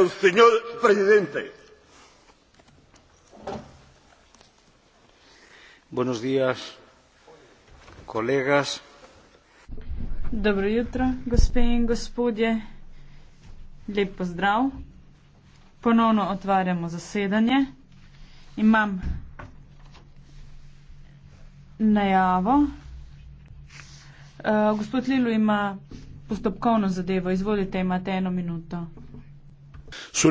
el señor presidente. Buenos días, colegas. Dobro jutro, gospe in gospodje. Lep pozdrav. Ponovno otvarjamo zasedanje. Imam najavo. Uh, gospod Lilu ima postopkovno zadevo. Izvolite, imate eno minuto sur